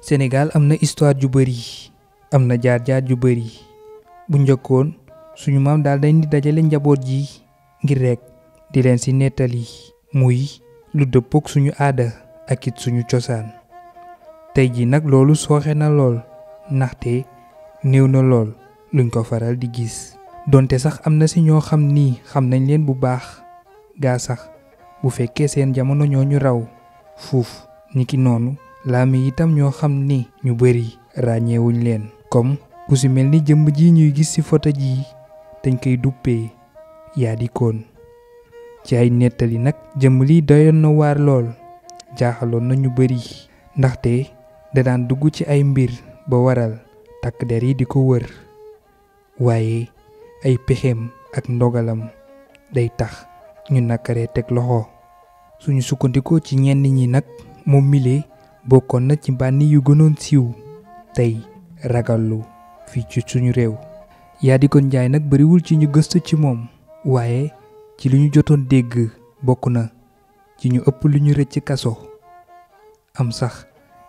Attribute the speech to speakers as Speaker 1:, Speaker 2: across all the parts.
Speaker 1: Sénégal am na histoire ju bari am na jaar-jaar ju bëri bu njëkkoon suñu maam daal dañ di dajale njaboot ji ngir rek di leen ci nettali muy lu dëppook suñu aada ak it suñu cosaan tey ji nag loolu sooxe na lool ndaxte néew na lool luñ ko faral di gis donte sax am na si ñoo xam ni xam nañ leen bu baax gaa sax bu fekkee seen jamono ñoo ñu raw fuuf ñi ki noonu laam yi itam ñoo xam ni ñu bari ràññeewuñ leen comme ku si mel ni jëmm ji ñuy gis ci photo ji dañ koy duppee yaa di koon ci ay nettali nag jëmm li doyoon na waar lool jaaxaloon na ñu bëri ndaxte da daan dugg ci ay mbir ba waral takk der yi di ko wër waaye ay pexeem ak ndogalam day tax ñu nakkaree teg loxo suñu sukkandikoo ci ñenn ñi nag moom mile bokkoon na ci mbànni yu gënoon siiw tey ragallu fii ci suñu réew kon Njaay nag bariwul ci ñu gëstu ci moom waaye ci li ñu jotoon dégg bokk na ci ñu ëpp lu ñu rëcc kaso am sax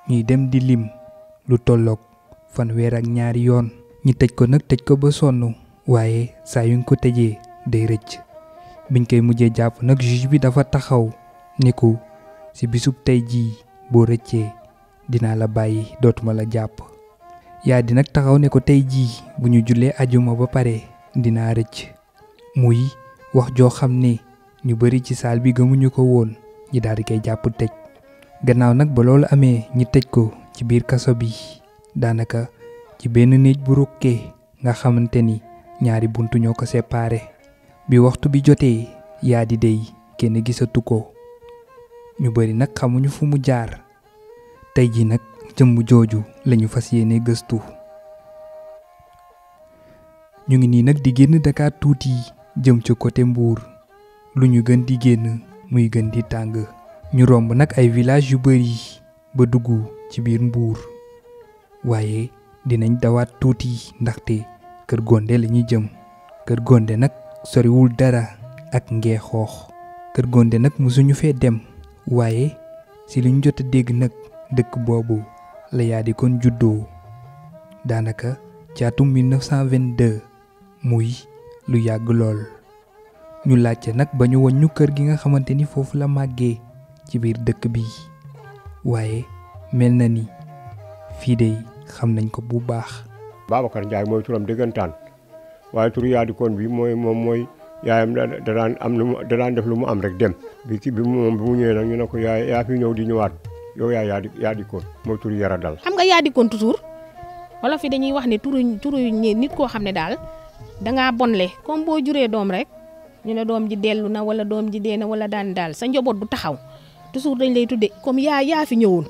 Speaker 1: ñuy dem di lim lu tolloog fanweer ak ñaari yoon ñi tëj ko nag tëj ko ba sonn waaye saa yuñ ko tëjee day rëcc biñ koy mujjee jàpp nag juge bi dafa taxaw ni ko ci bisub tey jii bo rëccee dina la bayyi dootuma la japp ya di nak taxaw ne ko tay ji buñu aljuma ba pare dina recc muy wax jo xamné ñu bari ci bi gëmuñu ko woon ñi daal di kay japp tej gannaaw nak ba loolu amé ñi tej ko ci biir kasso bi danaka ci benn neej bu rukkee nga xamanteni ni ñaari buntu ñoko séparé bi waxtu bi joté ya di dey kenn gisatu ko ñu bari nag xamuñu fu mu jaar tey ji nag jëmm jooju lañu fas yéene gëstu ñu ngi nii nag di génn Dakar tuuti jëm ci côté mbuur lu ñu gën di génn muy gën di tàng ñu romb nag ay village yu bari ba dugg ci biir mbuur waaye dinañ dawaat tuuti ndaxte kër Gondé lañuy jëm kër Gondé nag soriwul dara ak Ngexoox kër Gondé nag mësuñu fee dem waaye si li ñu jot a dégg nag dëkk boobu la yaa di kon juddoo daanaka ci atum 1922 muy lu yàgg lool ñu laajte nag ba ñu woññu kër gi nga xamante ni foofu la màggee ci biir dëkk bi waaye mel na ni fii de xam nañ ko bu baax.
Speaker 2: Babacar Ndiaye mooy turam dëggantaan waaye turu Yaadikoon bi mooy moom mooy yaayam da am lu mu da daan def lu mu am rek dem bi bi mu moom bi mu ñëwee nag ñu ne ko yaay yaa fi ñëw di ñëwaat yow yaay yaa di yaa dikkoon mooy tur yara dal xam
Speaker 3: nga yaa dikkoon toujours wala fi dañuy wax ne turu turu nit koo xam ne daal bon le comme boo juree doom rek ñu ne doom ji dellu na wala doom ji dee na wala daan daal sa njaboot du taxaw toujours dañ lay tudde comme yaa yaa fi ñëwoon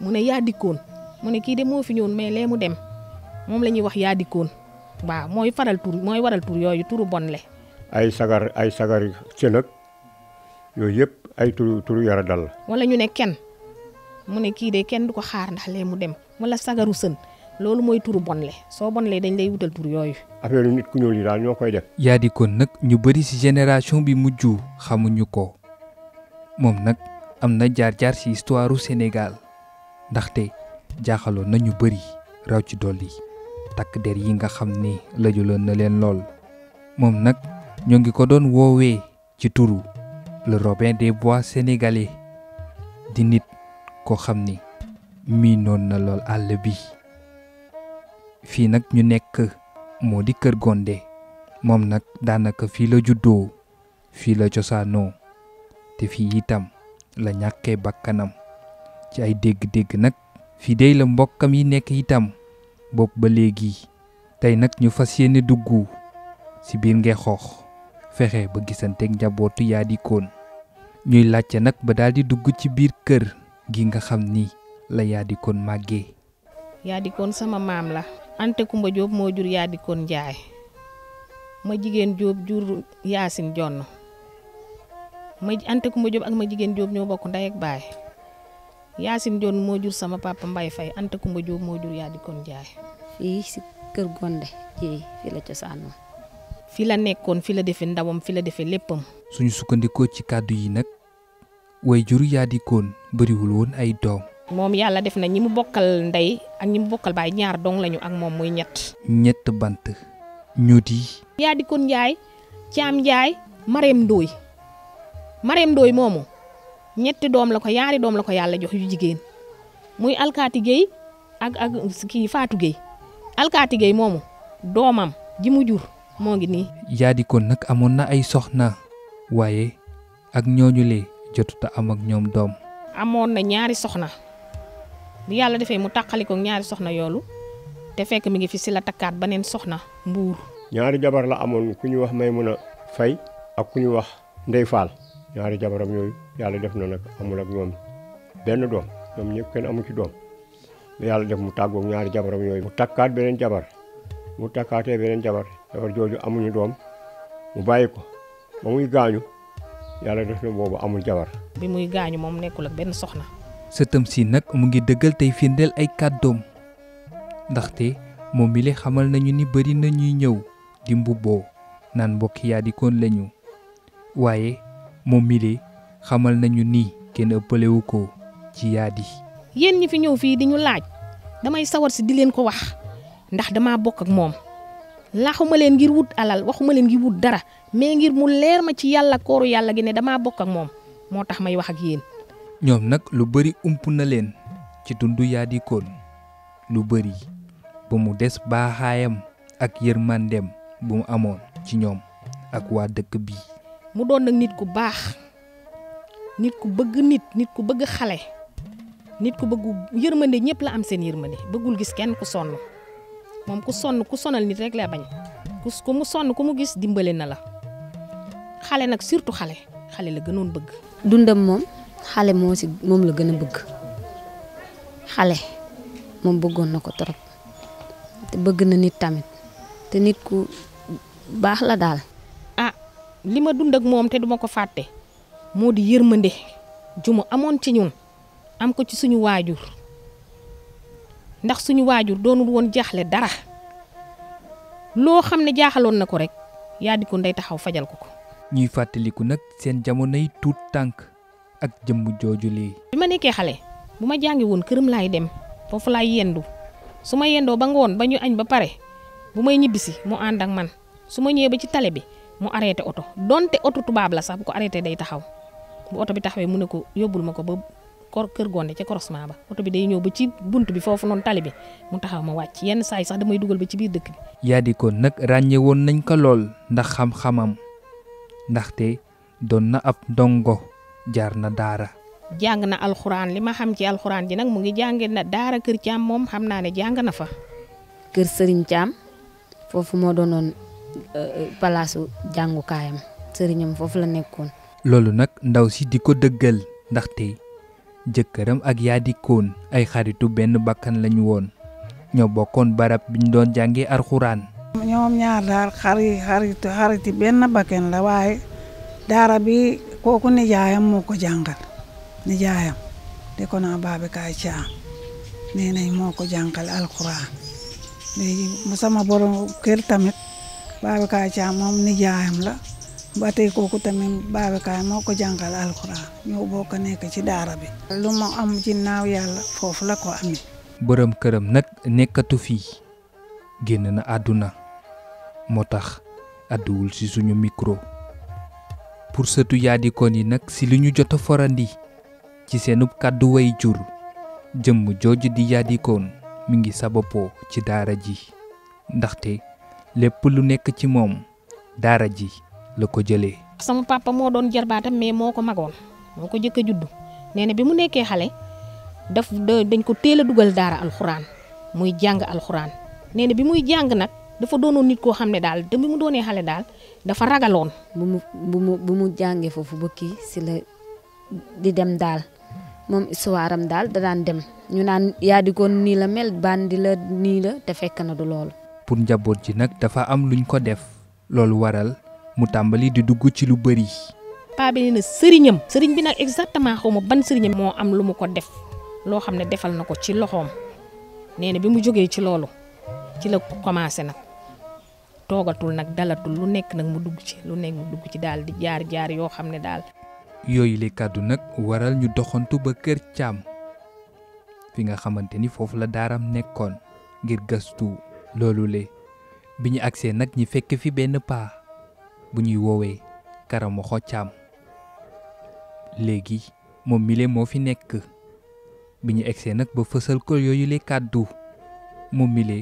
Speaker 3: mu ne yaa dikkoon mu ne kii de moo fi ñëwoon mais lee mu dem moom la ñuy wax yaa dikkoon waaw mooy faral tur mooy waral tur yooyu turu le
Speaker 2: ay sagar ay sagar cën yooyu yëpp ay turu turu yara dal la.
Speaker 3: wala ñu ne kenn mu ne kii de kenn du ko xaar ndax lee mu dem wala sagaru sën loolu mooy turu bonle soo bonlee dañ lay wutal tur yooyu.
Speaker 2: affaire nit ku ñuul yi daal ñoo koy def.
Speaker 1: yaa di kon nag ñu bari ci génération bi mujj xamuñu ko moom nag am na jaar-jaar ci histoire Sénégal ndaxte jaaxaloon na ñu bëri raw ci dolli takk der yi nga xam ni lajaloon na leen lool moom nag. ñoo ngi ko doon woowee ci turu le Robin des Bois sénégalais di nit ko xam ni miinoon na lool àll bi fii nag ñu nekk moo di Kër Gondé moom nag daanaka fii la juddoo fii la cosaanoo te fii itam la ñàkkee bakkanam ci ay dégg-dégg nag fii dey la mbokkam yi nekk itam bopp ba léegi tey nag ñu fas yéene dugg ci biir Ngexoox fexe ba gisanteeg njabootu yaa di koon ñuy laajte nag ba daal di dugg ci biir kër gi nga xam ni la yaa di koon màggee.
Speaker 3: yaa sama maam la. ante kumba Diop moo jur yaadikoon Njaay ma jigéen Diop jur yaasin jonn ma ante kumba ak ma jigéen Diop ñoo bokk ndey ak baay yaasin jonn moo jur sama papa Mbay Fay ante kumba Diop moo jur yaa di Njaay. fii si kër Gondé ji fi la cosaanoo. fi la nekkoon fi la defee ndawam fi la defee léppam.
Speaker 1: suñu sukkandikoo ci kàddu yi nag way jur yaa di koon woon ay doom.
Speaker 3: moom yàlla def na ñi mu bokkal ndey ak ñi mu bokkal baay ñaar dong lañu ak moom muy ñett.
Speaker 1: ñett bant ñu yi
Speaker 3: yaa di koon Njaay Caam Njaay Mareem Ndooy Mareem Ndooy moomu ñetti doom la ko yaari doom la ko yàlla jox yu jigéen muy alkaati Géey ak ak kii Faatu Géey alkaati Géey moomu doomam ji mu jur. moo ngi
Speaker 1: ya di ko nak amon na ay soxna waye ak ñooñu jottu ta am ak ñom dom
Speaker 3: amon na ñaari soxna bi yalla defee mu ko ñaari soxna yoolu te fekk mi ngi fi sila takkat banen soxna
Speaker 4: mbuur
Speaker 2: ñaari jabar la amon ku ñu wax maymuna fay ak ku ñu wax ndey faal ñaari jabaram yooyu yalla def na nak amul ak ñom ben dom ñom ñepp ken amu ci dom yalla def mu taggo ñaari jabaram yoy mu takkat benen jabar mu takkaté benen jabar jabar jooju amuñu doom mu bàyyi ko ba muy gaañu yàlla def na boobu amul jabar.
Speaker 3: bi muy gaañu moom nekkul ak benn soxna.
Speaker 1: sëtam si nag mu ngi dëggal tey firndeel ay kàddoom ndaxte moom mi le xamal nañu ni bari na ñuy ñëw di mbubboo naan mbokk yaa lañu waaye moom mi le xamal nañu ni kenn ëppalewu ko ci yaadi.
Speaker 3: yéen ñi fi ñëw fii di ñu laaj damay sawar si di leen ko wax ndax dama bokk ak moom. laxuma leen ngir wut alal waxuma leen ngir wut dara mais ngir mu leer ma ci yàlla kooru yàlla gi ne dama bokk ak moom moo tax may wax ak yéen
Speaker 1: ñoom nag lu bari ump na leen ci dundu yaadikoon lu bari ba mu des baaxaayam ak yërmandeem bu mu amoon ci ñoom ak waa dëkk bi
Speaker 3: mu doon nag nit ku baax nit ku bëgg nit nit ku bëgg xale nit ku bëgg yërmande ñëpp la am seen yërmande bëggul gis kenn ku sonn moom ku sonn ku sonal nit rek lay bañ ku mu sonn ku mu gis dimbale na la xale nag surtout xale xale la gënoon bëgg.
Speaker 5: dundam moom xale moo si moom la gën a bëgg xale moom bëggoon na ko trop te bëgg na nit tamit te
Speaker 3: nit ku baax la daal. ah li ma dund ak moom te duma ko fàtte moo di yërmande ju amoon ci ñun am ko ci suñu waajur. ndax suñu wajur doonul won jaxlé dara Lo xamné ne nako rek ya diko ndey taxaw fajal ko ko.
Speaker 1: ñuy fàttaliku nak seen yi tout tank ak jëm joju li
Speaker 3: bima ma xalé buma bu won kërëm lay dem fofu lay yendu suma yendo ba ngoon bañu ñu añ ba paré bu may ñibbisi mu ànd ak man suma ñëw ba ci talé bi mu arrêté auto donte auto tubab la sax bu ko arrêté day taxaw bu auto bi taxawé mu ne ko yobul mako ba kor kër gonde ci croisement ba oto bi day ñëw ba ci bunt bi foofu noonu tali bi mu taxaw ma wàcc yenn saa yi sax damay dugal ba ci biir dëkk bi.
Speaker 1: yaa di ko nag ràññee woon nañ ko lool ndax xam-xamam ndaxte doon na ab ndongo jaar na daara.
Speaker 3: jàng na alxuraan li ma xam ci alxuraan ji nag mu ngi jànge na daara kër Thiam moom xam naa ne jàng na fa. kër sëriñ Thiam foofu
Speaker 5: moo doonoon euh, palaasu jàngukaayam sëriñam foofu la nekkoon.
Speaker 1: loolu nag ndaw si di ko dëggal ndaxte. jëkkëram ak yaadi koon ay xaritu benn bakkan lañu woon ñoo bokkoon barab biñ doon jàngee alxuraan.
Speaker 6: ñoom ñaar daal xari xaritu benn bakkan la waaye daara bi kooku nijaayam moo ko jàngal nijaayam de ko naa baabi caam nee nañ moo ko jàngal alxuraan léegi mu sama borom kër tamit baabi kaay caam moom nijaayam la. ba tey kooku tamit Babacar moo ko jàngal alxuraan ñoo bokk nekk ci daara bi. lu ma am ginnaaw yàlla foofu la ko amee.
Speaker 1: borom këram nag nekkatu fii génn na àdduna moo tax àdduwul ci suñu mikro pour sëtu yaadikoon yi nag ci li ñu jot a forandi ci seenub kàddu way jur jëmm jooju di yaadikoon mu ngi sababoo ci daara ji ndaxte lépp lu nekk ci moom daara ji. la ko jëlee
Speaker 3: sama papa moo doon jarbaatam mais moko ko magoon moo ko jëkk judd bi mu nekké xalé daf dañ ko téla duggal dugal daara muy jang alxuraan nee bi muy jang nak dafa doonoon nit ko xamné dal dem bi mu doonee xalé dal dafa ragalon bu mu bu mu bu mu jàngee foofu ba
Speaker 5: di dem dal mom iswaram dal da dan dem ñu naan ya di ni la mel bandi la ni la te fekk na du loolu
Speaker 1: pour njabot ji nak dafa am luñ ko def loolu waral mu tambali di dugg ci lu bëri
Speaker 3: pa bi ne serignam serign bi nak exactement xawma ban serignam mo am lu mu ko def lo xamne ne defal nako ci loxom neena bi mu joge ci lolu ci la commencer nak togatul nak dalatul lu nek nak mu dugg ci lu nek mu dugg ci dal di jaar jaar yo xamne dal
Speaker 1: yoy li kaddu nak waral ñu doxantu ba kër caam fi nga xamanteni fofu la daram nekkon ngir gastu loolu le bi nak agsee ñi fekk fi ben pas bu ñuy woowee Karamo Xoccaam léegi moom mile moo fi nekk bi ñu egsee nag ba fësal ko yooyu le kàddu moom mile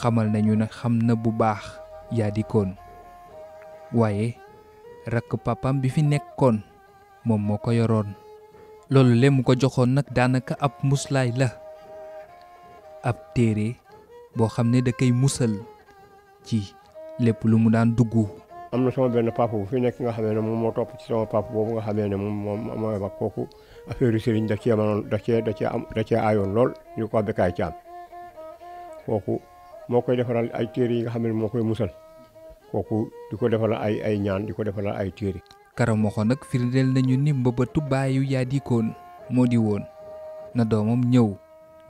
Speaker 1: xamal nañu ne xam na bu baax yaa dikoon waaye rakk papam bi fi nekkoon moom moo ko yoroon loolu le ko joxoon nag daanaka ab muslaay la ab téere boo xam ne da koy musal ci lépp lu mu daan duggu
Speaker 2: am na sama benn papa bu fi nekk nga xamee ne moom moo topp ci sama papa boobu nga xamee ne moom moom mooy mag kooku affaire sëriñ da cee mënoon da cee da cee am da cee aayoon lool ñu ko Bécaye Thiam kooku moo koy defaral ay téere yi nga xam ne moo koy musal kooku di ko defaral ay ay ñaan di ko defaral ay téere.
Speaker 1: Karamoxo nag firndeel nañu ni mbëbëtu baayu yaa dikoon moo di woon na doomam ñëw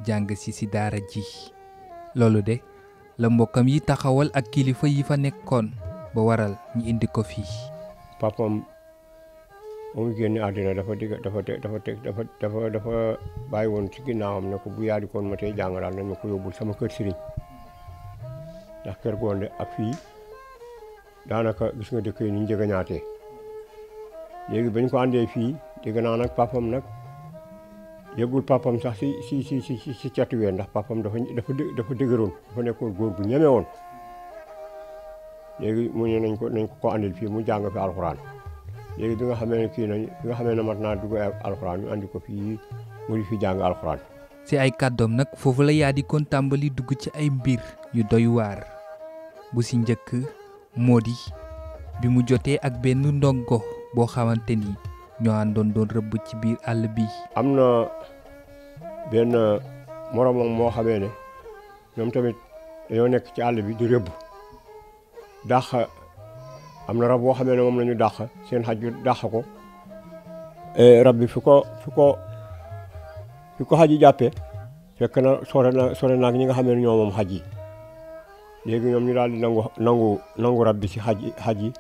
Speaker 1: jàng si si daara ji loolu de la mbokkam yi taxawal ak kilifa yi fa nekkoon. ba waral ñu indi ko fii
Speaker 2: papam mu génn àddina dafa digg dafa dafa dafa dafa dafa bàyyi woon ci ginnaawam ne ko bu yaadi koon ma tey jàngalaal nañ ma ko yóbbul sama kër sëriñ ndax kër goonde ak fii daanaka gis nga dëkk yi ni ñu jëga ñaatee léegi bañ ko àndee fii dégg naa nag papam nag yëgul papam sax si si si si si catuwee ndax papam dafa dafa dafa dëgëroon dafa nekkoon góor bu ñeme woon léegi mu ne nañ ko nañ ko ko andil fii mu jàng fi alxuraan léegi bi nga xamee na kii nañ bi nga xamee ne mat naa dugg alxuraan ñu andi ko fii mu di fi jàng alxuraan. ci ay
Speaker 1: kàddoom nag foofu la yaa di kon tàmbali dugg ci ay mbir yu doy waar bu si njëkk moo di bi mu jotee ak benn ndongo boo xamante ni ñoo àndoon doon rëbb ci biir àll bi.
Speaker 2: am na benn moromam moo xamee ne ñoom tamit yoo nekk ci àll bi di rëbb. dàq am na rab boo xamee ne moom la ñu dàq seen xaj bi dàq ko eh, rab bi fi ko fi ko fi ko xaj yi fekk na sore na sore naag ñi nga xamee ne ñoo moom xaj yi léegi ñoom ñu daal di nangu nangu nangu rab bi si xaj xaj yi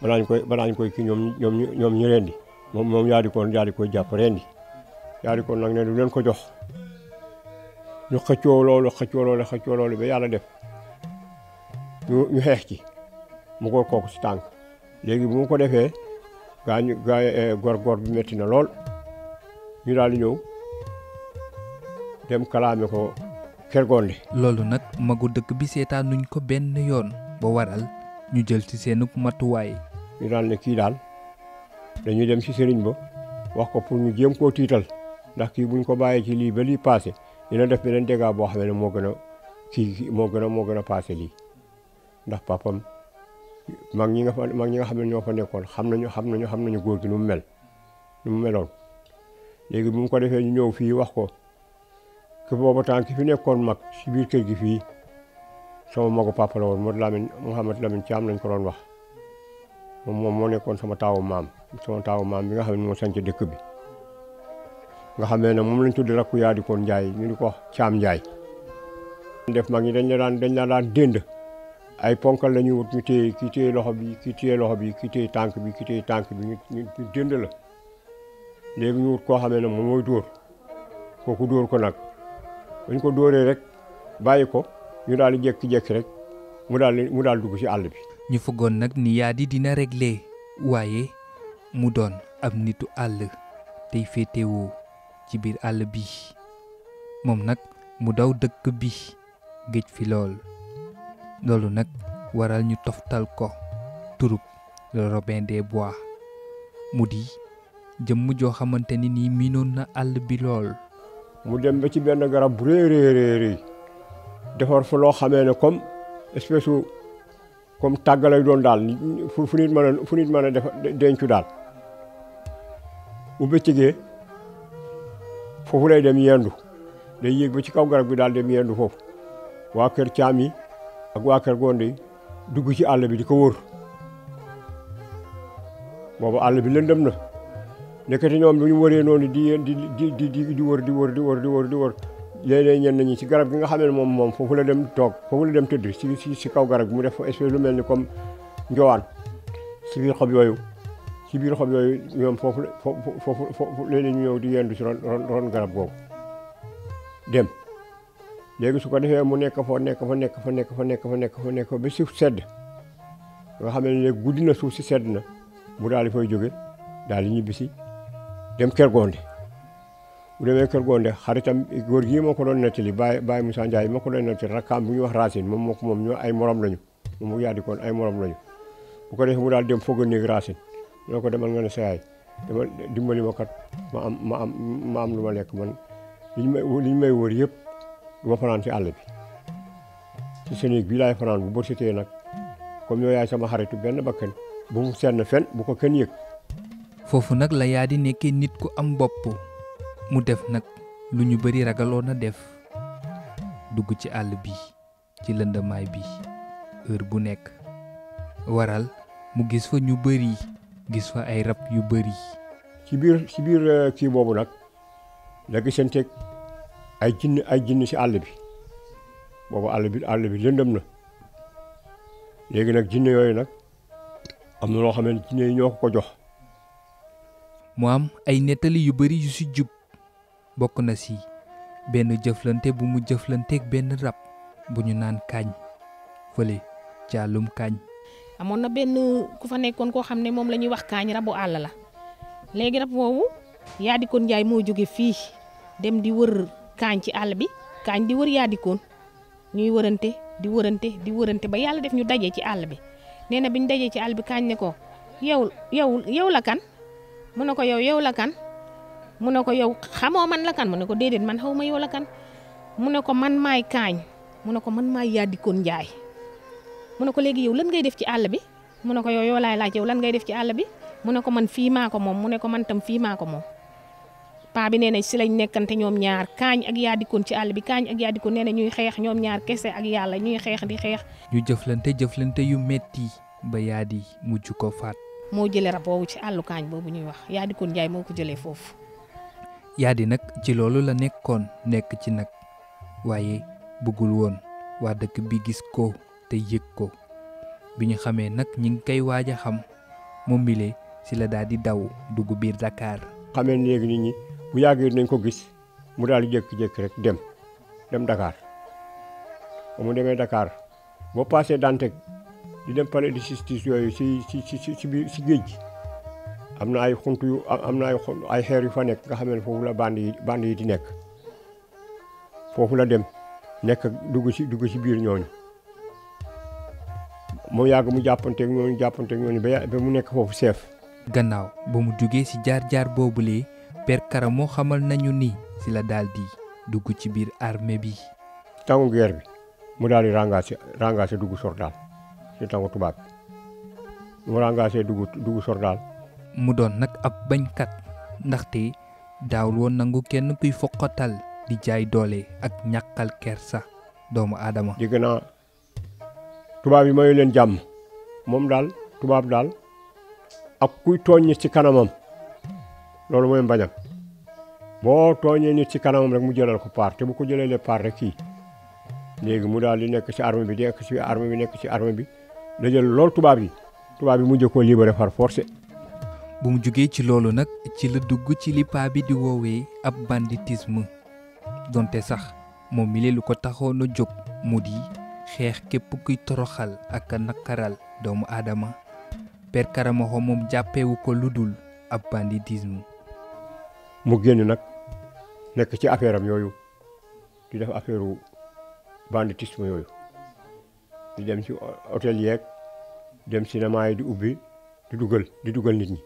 Speaker 2: balaa ñu koy balaa ñu koy kii ñoom ñoom ñoom ñu rendi moom moom yaa di ko yaa di koy jàpp rendi ko nag ne du leen ko jox ñu xëccoo loolu xëccoo loolu xëccoo loolu ba def ñu ñu xeex ci mu ko kooku si tànk léegi bu ma ko defee gaañu gaa eh, gor gor bi métti na lool ñu daal di ñëw dem kalaame ko kergonde
Speaker 1: loolu nag magu dëkk bi seetaanuñ ko benn yoon ba waral
Speaker 2: ñu jël ci seen matuwaay. ñu daal ne kii daal dañuy dem ci sëriñ ba wax ko pour ñu jéem koo tiital ndax kii buñ ko bàyyee ci lii ba lii paase dina def beneen dégât boo xam ne moo gën a kii moo gën a moo gën a paase lii ndax papam mag ñi nga fa mag ñi nga xam ne ñoo fa nekkoon xam nañu xam nañu xam nañu góor gi nu mu mel mu meloon léegi bu ko defee ñu ñëw fii wax ko que booba temps ki fi nekkoon mag si biir kër gi fii sama magu papa la woon Modou Lamine Mouhamed Lamine Thiam lañ ko doon wax moom moom moo nekkoon sama taawu maam sama taawu maam bi nga xam ne moo sanc dëkk bi nga xamee ne moom lañ tudd rakku yaa di koon Njaay ñu di ko wax Caam Njaay def mag ñi dañ la daan dañ la daan dénd ay ponkal la ñu wut ñu téye kii téye loxo bi kii téye loxo bi kii téye tànk bi kii téye tànk bi ñu jënd la léegi ñu wut koo xamee ne moom mooy dóor kooku dóor ko nag buñ ko dóoree rek bàyyi ko ñu daal di jékki-jékki rek mu daal mu daal dugg ci àll bi.
Speaker 1: ñu fëggoon nag ni yaa di dina réglé waaye mu doon ab nitu àll tey féetewoo ci biir àll bi moom nag mu daw dëkk bi géej fi lool. loolu nag waral ñu toftal ko turub le Robin des Bois mu di jëmm joo xamante ni nii miinoon na àll bi lool.
Speaker 2: mu dem ba ci benn garab bu rëy rëy defar fa loo xamee ne comme espèce comme tàgg doon daal fu fu nit mën a fu dencu daal bu bëccëgee foofu lay dem yendu day yéeg ba ci kaw garab gi daal dem yendu foofu waa kër caam yi ak waa Kër Gondé dugg ci àll bi di ko wër boobu àll bi lëndëm na nekkati ñoom bu ñu wëree noonu di di di di di wër di wër di wër di wër di wër léeg-léeg ñenn ñi ci garab gi nga xamee ne moom moom foofu la dem toog foofu la dem tëdd ci ci ci kaw garab gi mu def espèce lu mel ni comme njowaan ci xob yooyu ci biir xob yooyu ñoom foofu foofu foofu léeg-léeg ñu ñëw di yendu ci ron ron garab boobu dem. léegi su ko mu nekk fa nekk fa nekk fa nekk fo nekk fo nekk fa nekk fa ba suuf sedd nga xam ne léegi guddi na suuf si sedd na mu daal di fay jóge daal di ñibbisi dem Kër Gondé bu demee Kër Gondé xaritam góor gii moo ko doon nettali Baye Baye Moussa Ndiaye moo ko doon nettali rakkaam bu ñuy wax Racine moom moo ko moom ñoo ay morom lañu moom mu yaa koon ay morom lañu bu ko defee mu daal dem foog a néeg Racine ñoo ko demal nga ne sa yaay dama ma kat ma am ma am ma am lu ma lekk man liñ may liñ may wër yëpp. du fanaan ci àll bi ci sa néeg bii laay fanaan bu bët setee nag comme yow yaay sama xaritu benn bakkan bu mu senn fen bu ko kenn yëg.
Speaker 1: foofu nag la yaa di nekkee nit ku am bopp mu def nag lu ñu bëri ragaloon a def dugg ci àll bi ci lëndamaay bi heure bu nekk waral mu gis fa ñu bari gis fa ay rab yu bari
Speaker 2: ci biir ci biir eh, kii boobu nag la gisanteeg ay jinn ay jinn si àll bi boobu àll bi àll bi lëndëm na léegi nag jinn yooyu nag am na loo xam jinne yi ñoo ko ko jox mu am
Speaker 1: ay nettali yu bari yu si jub bokk na si benn jëflante bu mu jëflanteeg benn rab bu ñu naan kañ fële ci àllum kañ
Speaker 3: amoon na benn ku fa nekkoon koo xam ne moom la ñuy wax kaañ rabu àll la léegi rab woowu yaa di kon njaay moo jóge fii dem di wër kaañ ci àll bi kaañ di wër yaadikoon ñuy wërante di wërante di wërante ba yàlla def ñu daje ci àll bi nee na bi ñu dajee ci àll bi kaañ ne ko yow yow yow la kan mu ko yow yow la kan mu ne ko yow xamoo man la mu ne ko déedéet man xaw ma yow kan mu ne ko man maay kaañ mu ne ko man maay yaadikoon njaay mu ne ko léegi yow lan ngay def ci àll bi mu ne ko yow yow laay laaj yow lan ngay def ci àll bi mu ne ko man fii maa ko moom mu ne ko man tam fii maa ko moom paa bi nee na si lañ nekkante ñoom ñaar kaañ ak yaa dikkoon ci àll bi kaañ ak yaa dikkoon nee na ñuy xeex ñoom ñaar kese ak yàlla ñuy xeex di xeex.
Speaker 1: ñu jëflante jëflante yu metti ba yaa di mujj ko faat.
Speaker 3: moo jëlee rab boobu ci àllu kaañ boobu ñuy wax yaa dikkoon njaay moo ko jëlee foofu.
Speaker 1: yaa di nag ci loolu la nekkoon nekk ci nag waaye bëggul woon waa dëkk bi gis ko te yëg ko bi ñu xamee nag ñi ngi koy waaj a xam moom bile si la daal di daw dugg biir
Speaker 2: Dakar. xamee bu yàggee nañ ko gis mu daal di jékki-jékki rek dem dem Dakar ba mu demee Dakar boo paasee Dantec di dem palais de justice yooyu si si si si si géej gi am na ay xunt yu am na ay ay xeer yu fa nekk nga xam foofu la band yi yi di nekk foofu la dem nekk dugg si dugg si biir ñooñu moo yàgg mu jàppanteeg ñooñu jàppanteeg ñooñu ba mu nekk foofu chef.
Speaker 1: gannaaw ba mu jugee si jaar jaar boobule Père Kara moo xamal nañu ni ci la daal di dugg ci biir armée
Speaker 2: bi. tàngu guerre bi mu daal di rengaase rengaase dugg Sordaal si tàngu tubaab bi mu rengaase dugg dugg
Speaker 1: mu doon nag ab bañkat ndaxte daawul woon nangu kenn kuy foqatal di jaay doole ak
Speaker 2: ñàkkal kersa doomu aadama. dégg naa tubaab yi mayu leen jàmm moom daal tubaab daal ak kuy tooñ ci kanamam. loolu mooy mbañam boo tooñee nit ci kanamam rek mu jëlal ko paar te bu ko jëlee paar rek kii léegi mu daal di nekk ci arme bi di nekk ci arme bi nekk ci arme bi la jël loolu tubaab yi tubaab yi mu jëkkoo libéré par force. bu mu jugee ci loolu nag
Speaker 1: ci la dugg ci li bi di woowee ab banditisme donte sax moom mi lu ko taxoo a jóg mu di xeex képp kuy toroxal ak naqaral doomu aadama per Karamoxo moom jàppewu ko lu dul ab banditisme.
Speaker 2: mu génn nag nekk ci affaire am yooyu di def affaire banditisme yooyu di dem ci hôtel yeeg dem cinéma di ubbi di dugal di dugal nit ñi.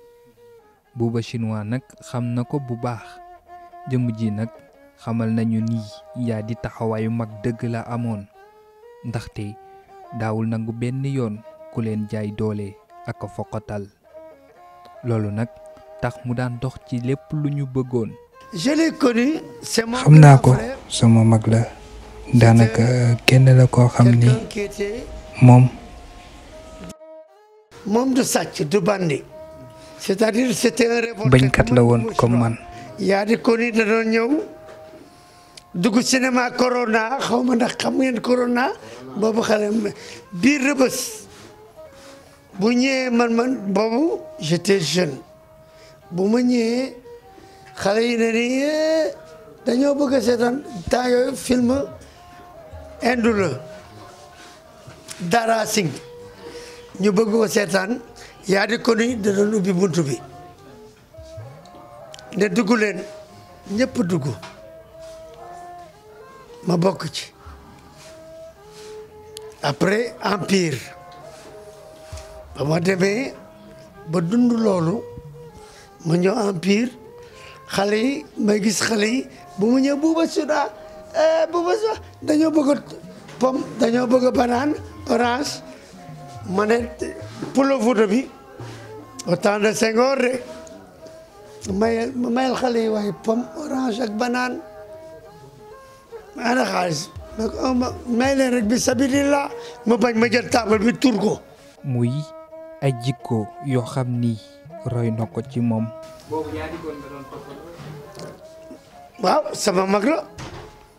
Speaker 2: Buuba chinois
Speaker 1: nag xam na ko bu baax jëmm ji nag xamal nañu nii yaa di taxawaayu mag dëgg la amoon ndaxte daawul nangu benn yoon ku leen jaay doole ak a foqatal loolu nag. tax mu daan dox ci lépp lu ñu bëggoon.
Speaker 4: xam naa ko sama mag la
Speaker 1: daanaka kenn la koo xam ni moom.
Speaker 4: moom du sàcc du bandi. c'est-à-dire c'était un révolte. bañkat la woon comme man. yaa di ko ni ñëw dugg cinéma corona xaw ma ndax xam ngeen corona boobu xale biir rëbës bu ñëwee man man boobu j'étais jeune. bu ma ñëwee xale yi ne ni eh, dañoo bëgg a seetaan temps yooyu film indu Dara Singh ñu bëgg ko seetaan yaa di ko ni da doon bunt bi ne dugg leen ñëpp dugg ma bokk ci après empire ba ma demee ba dund loolu ma ñëw en pire xale yi may gis xale yi bu mu ñëw buuba suda eh, buuba suda dañoo bëgg pomme dañoo bëgg banane orange ma ne pulo photo bi au temps de Senghor de may mayal xale yi waaye pomme orange ak banane ana xaalis may rek bi sabilillah ma bañ ma jël table bi ko
Speaker 1: muy ay jikko Roy Noko Cimom. Wow, sama magro.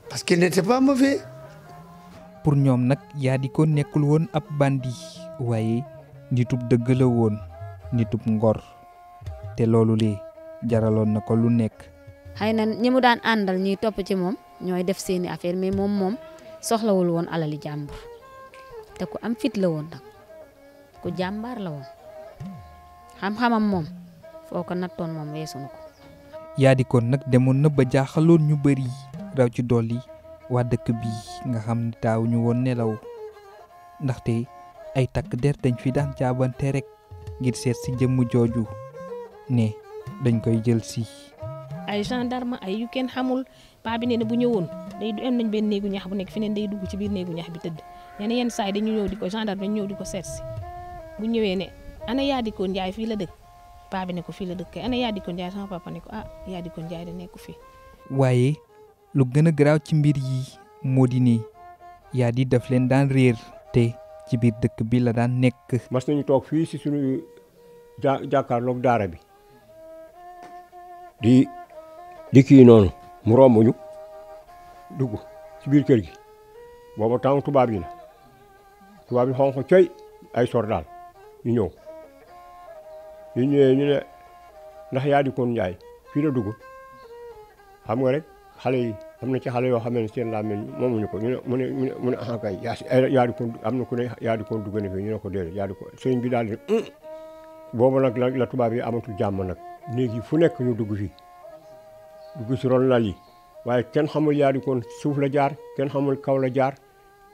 Speaker 1: Pas kini qu'il n'était pas mauvais nak ya nag yaadiko nekkul woon ab bandi Waye, nitup degele won, nitup ngor te loolu lee jaralon nako ko lu nekk
Speaker 5: xëy na ñi mu daan àndal ñuy topp ci moom ñooy def seeni affaire mais mom moom soxlawul won alali jàmbur te ku am fit la woon nag ku jàmbaar la xam-xamam moom foo ko nattoon moom weesu na
Speaker 1: ko. yaadikoon nag demoon na ba jaaxaloon ñu bari raw ci dolli waa dëkk bii nga xam ne taawuñu woon nelaw ndaxte ay takk der dañ fi daan jaabante rek ngir seet si jëmm jooju ne dañ koy jël si.
Speaker 3: ay gendarme ay yu kenn xamul paa bi nee na bu ñëwoon day am nañ benn néegu ñax bu nekk feneen day dugg ci biir néegu ñax bi tëdd nee na yenn saa yi dañu ñëw di ko gendarme dañu ñëw di ko seet si bu ñëwee ne. ana Yaadiko Ndiaye fii la dëkk paa bi ne fii la dëkk ana Yaadiko Ndiaye sama papa ko ah Yaadiko Ndiaye da nekku fi
Speaker 1: waaye lu gën a garaaw ci mbir yi moo di nii Yaadi daf leen daan réer te ci biir dëkk bi la daan nekk.
Speaker 2: mas nañu toog fii si suñu ja jàkkaarloog daara bi di di kii noonu mu romb ñu dugg ci biir kër gi booba temps tubaab yi la yi xonq coy ay sor daal ñu ñëw. ñu ñëwee ñu ne ndax yaa di koon njaay fii la dugg xam nga rek xale yi am na ci xale yoo xam laa seen làmmiñ moomuñu ko ñu ne mu ne mu ne ah kay yaa eh, di koon am na ku ne yaa di koon dugg na fi ñu ne ko déedéet yaa di ko sëñ bi daal di mm. boobu nag la tubaab yi amatul jàmm nag néegi fu nekk ñu dugg fii dugg si ron lal yi waaye kenn xamul yaa di koon suuf la jaar kenn xamul kaw la jaar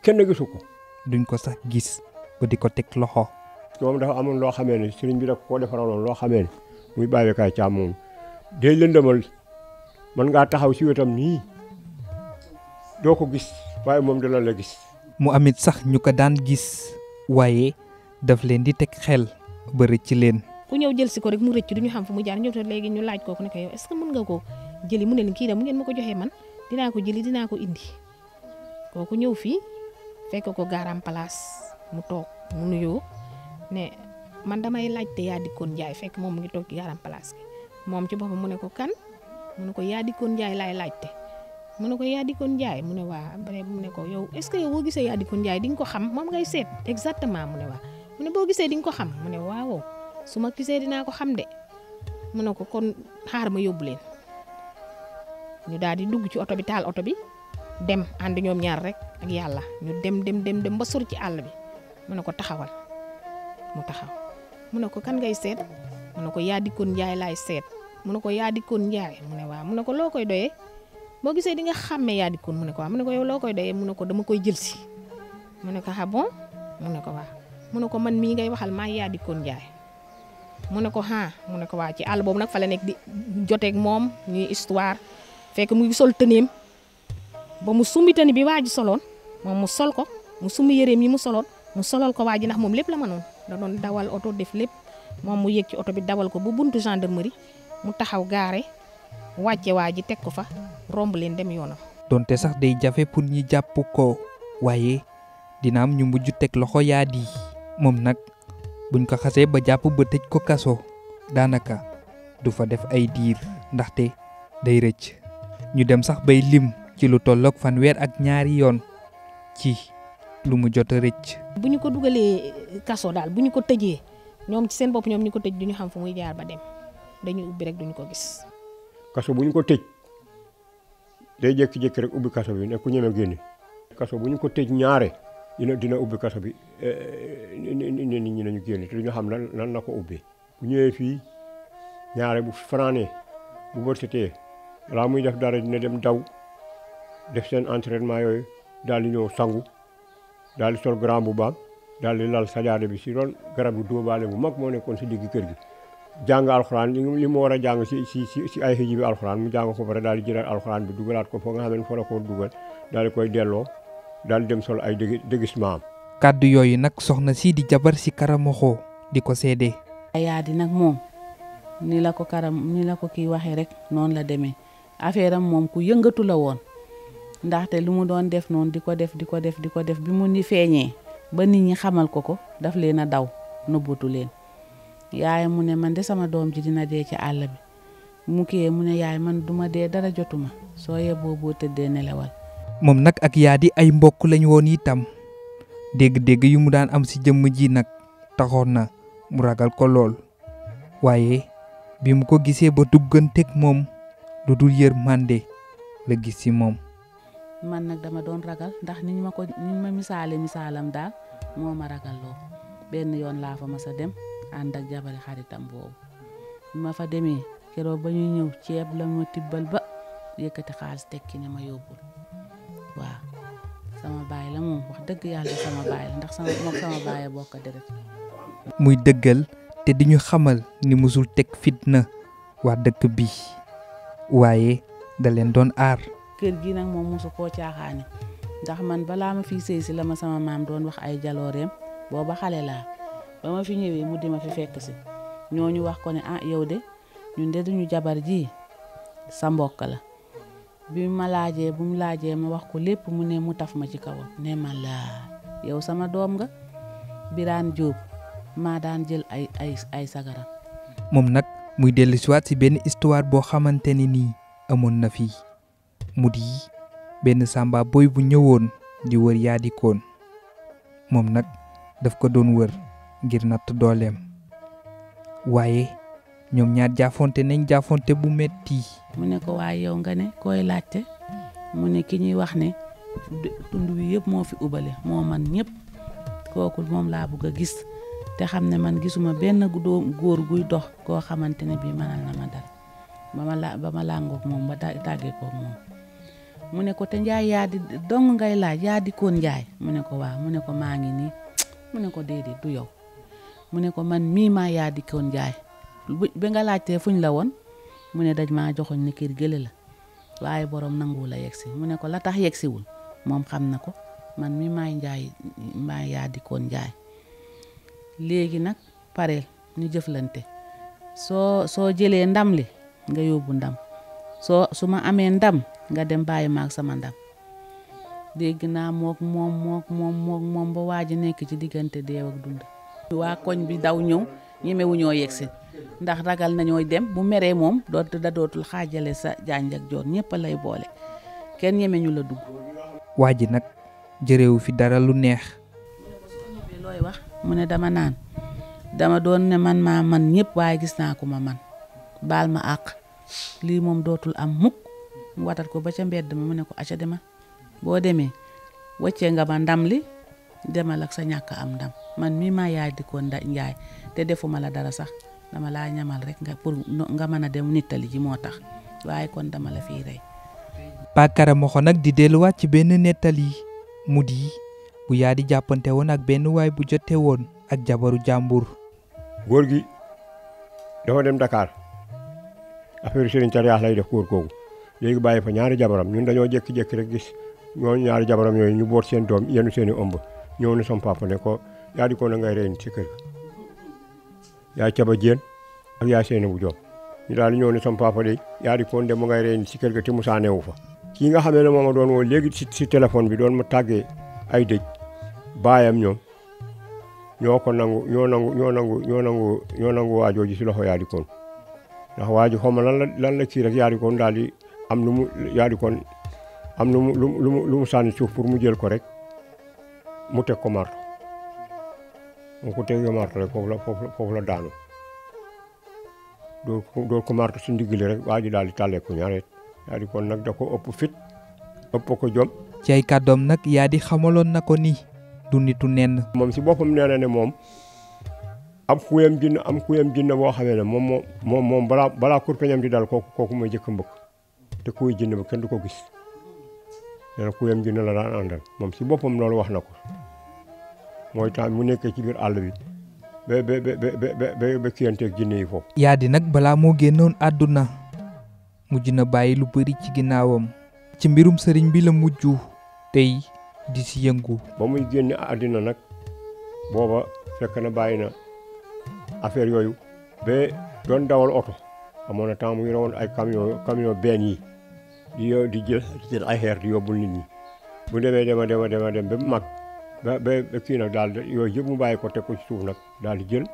Speaker 2: kenn gisu ko
Speaker 1: duñ ko sax gis ba di ko teg
Speaker 2: loxo doom dafa amoon loo xamee ni sëriñ bi da koo defaraloon loo xamee ni muy bàyyi kaay càmm moom day lëndëmal man ngaa taxaw si wetam nii doo ko gis waaye moom dina la gis. mu
Speaker 1: amit sax ñu ko daan gis waaye daf leen di teg xel ba rëcc leen.
Speaker 3: ku ñëw jël si ko rek mu rëcc du ñu xam fu mu jaar ñëw te léegi ñu laaj kooku ne ko yow est ce que mën nga ko jëli mu ne leen kii da mu ngeen ma ko joxee man dinaa ko jëli dinaa ko indi kooku ñëw fii fekk ko garam place mu toog mu nuyoo ne man damay te yaa dikkoon njaay fekk moom mu ngi toog yaram place bi moom ci boppam mu ne ko kan mu ne ko yaa dikkoon njaay laay laajte mu ne ko yaa dikkoon njaay mu ne waa bare mu ne ko yow est ce que yow boo gisee yaa dikkoon njaay di nga ko xam moom ngay seet exactement mu ne waa mu ne boo gisee di nga ko xam mu ne waaw su ma gisee dinaa ko xam de mu ne ko kon xaar ma yóbbu leen ñu daal di dugg ci oto bi taal oto bi dem ànd ñoom ñaar rek ak yàlla ñu dem dem dem dem ba sur ci àll bi mu ne ko taxawal mu taxaw mu ne ko kan ngay seet mu ne ko yaa njaay laay seet mu ne ko yaadikoon njaay mu ne waaw mu ne ko loo koy doyee boo gisee di nga xàmmee yaa dikkoon mu ne ko waaw mu ne ko loo koy doyee mu ne ko dama koy jël si mu ne ko bon mu ne ko waaw mu ne ko man mii ngay waxal maa yaa dikkoon njaay mu ne ko ah mu ne ko waa ci àll boobu nag fa nekk di joteek moom ñuy histoire fekk mu ngi sol tëneem ba mu sumbi tëni bi waa ji soloon moom mu sol ko mu sumbi yëreem mii mu soloon mu solol ko waa ji ndax moom lépp la noon da dawal oto def lépp moom mu yéeg ci oto bi dawal ko bu buntu gendarmerie mu taxaw gaare wàcce waa ji teg ko fa romb leen dem yoonam.
Speaker 1: donte sax day jafe pour ñi jàpp ko waaye dina am ñu mujj teg loxo yaa di moom nag buñ ko xasee ba jàpp ba tëj ko kaso daanaka du fa def ay diir ndaxte day rëcc ñu dem sax bay lim ci lu tolloog fanweer ak ñaari yoon ci lu mu jot a
Speaker 3: bu ñu ko dugalee kaso daal bu ñu ko tëjee ñoom seen bopp ñoom ñu ko tëj du ñu xam fu muy jaar ba dem dañuy ubbi rek duñu ko gis.
Speaker 2: kaso bu ñu ko tëj day jékki-jékki rek ubbi kaso bi ne ku ñeme génne. kaso bu ñu ko tëj ñaare dina dina ubbi kaso bi eh, eh, nit ñi nañu génne te duñu xam lan lan la ko ubbee. bu ñëwee fii ñaare bu fanaanee bu bërsëtee balaa muy def dara dina dem daw def seen entraînement yooyu daal di ñëw sangu. daal di sol grand bu baam daal di lal sajaada bi si ron garab gu dóobaale bu mag moo nekkoon si digg kër gi jàng alxuraan li mu war a jàng si si si ay xiji bi alxuraan mu jàng ko pare daal di jëlaat alxuraan bi dugalaat ko foo nga xam ne fa la ko dugal daal di koy delloo daal dem sol ay dëgg dëggis maam.
Speaker 1: kàddu yooyu nag soxna sii di jabar si karamoxoo di ko seede.
Speaker 6: yaadi nag moom nii la ko karam ni la ko kii waxee rek noonu la demee affaire am moom ku yëngatu la woon. ndaxte lu mu doon def noonu di ko def di ko def di ko def bi mu ni feeñee ba nit ñi xamal ko ko daf leen a daw nëbbatu leen yaay mu ne man de sama doom ji dina dee ci àll bi mu kiyee mu ne yaay man duma dee dara jotuma soo yeboo booboo tëddee nelawal
Speaker 1: moom nag ak yaa di ay mbokk lañ woon itam dégg-dégg yi mu daan am si jëmm ji nag taxoon na mu ragal ko lool waaye bi mu ko gisee ba dugganteeg moom lu dul yërmande la gis ci moom
Speaker 6: man nak dama don ragal ndax niñ ma ko niñ ma misale misalam dal moma ma ragal lo ben yon la fa massa dem and ak jabal xaritam boobu ma fa demé kéro ba ñew ñëw la ma tibbal ba yëkëti xaaliss tekki ni ma yobul wa sama baay la moom wax dëgg yalla sama baay la ndax sama mo sama baye bokk deret
Speaker 1: muy dëggal te diñu xamal ni musul tek fitna wa dëkk bi wayé dalen don ar
Speaker 6: kër gi nag moom mosu koo caaxaane ndax man balaa ma fi sëy si la ma sama maam doon wax ay jalooreem booba xale laa ba ma fi ñëwee mu di ma fi fekk si ñoo ñu wax ko ne ah yow de ñun de duñu jabar ji sa mbokk la bi ma laajee bu mu laajee ma wax ko lépp mu ne mu taf ma ci kawam ne ma laa yow sama doom nga biraan Diop maa daan jël ay ay ay
Speaker 1: moom nag muy dellu siwaat si benn histoire boo xamante ni nii amoon na fii mu yi benn sàmba boy bu ñëwoon di wër yaadikoon moom nag daf ko doon wër ngir natt dooleem waaye ñoom ñaar jaafonte nañ jaafonte bu metti mu ne
Speaker 6: ko waaye yow nga ne koy laajte mu ne ki ñuy wax ne tund wi yëpp moo fi ubale moo man ñëpp kooku moom laa bëgg a gis te xam ne man gisuma benn doom góor guy dox koo xamante ne bii mënal na ma dal ba ma la ba ma làngoog moom ba tàggee koog moom mu ne ko te njaay yaa di dong ngay laaj yaa di koon njaay mu ne ko waaw mu ne ko maa ngi nii mu ne ko déedéet du yow mu ne ko man mii ma yaa di njaay bi nga laajtee fuñ la woon mu ne daj maa joxoñ ne kër gële la waaye borom nanguwul la yegsi mu ne ko la tax yegsiwul moom xam na ko man mi maay njaay maa yaa di koon njaay léegi nag pareel ñu jëflante soo soo jëlee ndam li nga yóbbu ndam soo su ma amee ndam nga dem bàyyi maak sama ndam dégg naa mook moom mook moom ba waa ji nekk ci diggante deew ak dund. waa koñ bi daw ñëw ñemewuñoo yegg si ndax ragal nañooy dem bu meree moom dootu dootul xaajale sa jànj ak joor lay boole kenn ñemeñu la dugg.
Speaker 1: waa ji nag jërewu fi dara lu neex.
Speaker 6: looy wax mu ne dama naan dama doon ne man maa man ñépp waaye gis naa ko ma man baal ma àq. lii moom dootul am mukk mu ko ba ca mbedd ma mu ne ko aca dema boo demee wàccee nga ma ndam li demal ak sa ñàkk am ndam man mi maa yaay di ko njaay te defuma la dara sax dama laa ñamal rek nga pour nga mën a dem nittali ji moo tax waaye kon dama la fiy rey
Speaker 1: Pakara Moxo nag di delluwaat ci benn nettali mu di bu yaa di jàppante woon ak benn waay bu jote woon ak jabaru
Speaker 2: jàmbur góor gi dem Dakar affaire Serigne Taliaas lay def góor googu léegi bàyyi fa ñaari jabaram ñun dañoo jékki-jékki rek gis ñooñu ñaari jabaram yooyu ñu boot seen doom yenu seen i ëmb ñëw na sama papa ko yaa di ko na ngay reen ci kër yaa caba jéen ak yaa seeni bu joom ñu daal di ñëw ne sama papa de yaa di koon de mu ngay reen ci kër ga te Moussa newu fa kii nga ne moo ma doon woo léegi si si téléphone bi doon ma tàggee ay dëj baayam ñoom ñoo ko nangu ñoo nangu ñoo nangu si loxo yaa di koon ndax waa ji ma lan la lan la kii rek yaari kon daal am lu mu yaari kon am lu mu lu mu lu suuf pour mu jël ko rek mu teg ko marto mu ko tegee marto rek foofu la la daanu doo doo ko marto si rek waa ji daal di tàlleeku ñaareet yaa di nag da ëpp fit ëpp ko jom. ci ay kàddoom nag yaa di xamaloon na ko ni du nitu moom si boppam nee moom. am xuyam jinne am xuyam jinne boo xamee ne moom moo moom moom balaa balaa kurpeñam di dal kooku kooku mooy jëkk mbëkk te kuy jinne ba kenn du ko gis nee na xuyam jinne la daan àndal moom si boppam loolu wax na ko mooy temps mu nekkee ci biir àll bi ba ba ba ba ba kiyanteeg jinne yi foofu.
Speaker 1: yaa di nag bala moo génnoon àdduna mujj na bàyyi lu bëri ci ginnaawam. ci mbirum sëriñ bi la mujj tey di si yëngu.
Speaker 2: ba muy génn àddina nag booba fekk na bàyyi na. affaire yoyu be don dawal auto, amona na temps mu ay camion camion ben yi di yo di jël di jël ay xeer di yóbbul nit ñi bu demee dema dema dema dem be mag ba ba kii nak dal yooyu yëpp mu bayiko ko ko ci suuf nak dal di jël